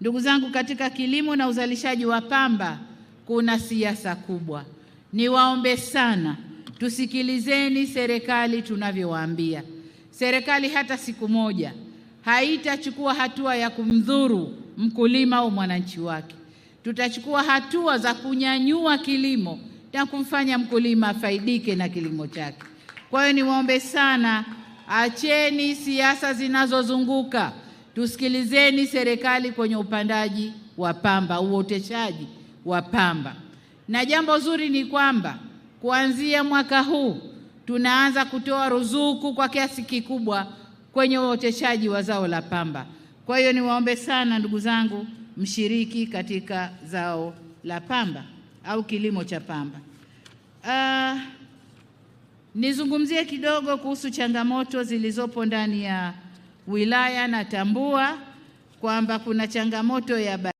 Ndugu zangu, katika kilimo na uzalishaji wa pamba kuna siasa kubwa. Niwaombe sana, tusikilizeni serikali tunavyowaambia. Serikali hata siku moja haitachukua hatua ya kumdhuru mkulima au mwananchi wake. Tutachukua hatua za kunyanyua kilimo na kumfanya mkulima afaidike na kilimo chake. Kwa hiyo niwaombe sana, acheni siasa zinazozunguka Tusikilizeni serikali kwenye upandaji wa pamba, uoteshaji wa pamba. Na jambo zuri ni kwamba kuanzia mwaka huu tunaanza kutoa ruzuku kwa kiasi kikubwa kwenye uoteshaji wa zao la pamba. Kwa hiyo niwaombe sana ndugu zangu, mshiriki katika zao la pamba au kilimo cha pamba. Uh, nizungumzie kidogo kuhusu changamoto zilizopo ndani ya wilaya natambua kwamba kuna changamoto ya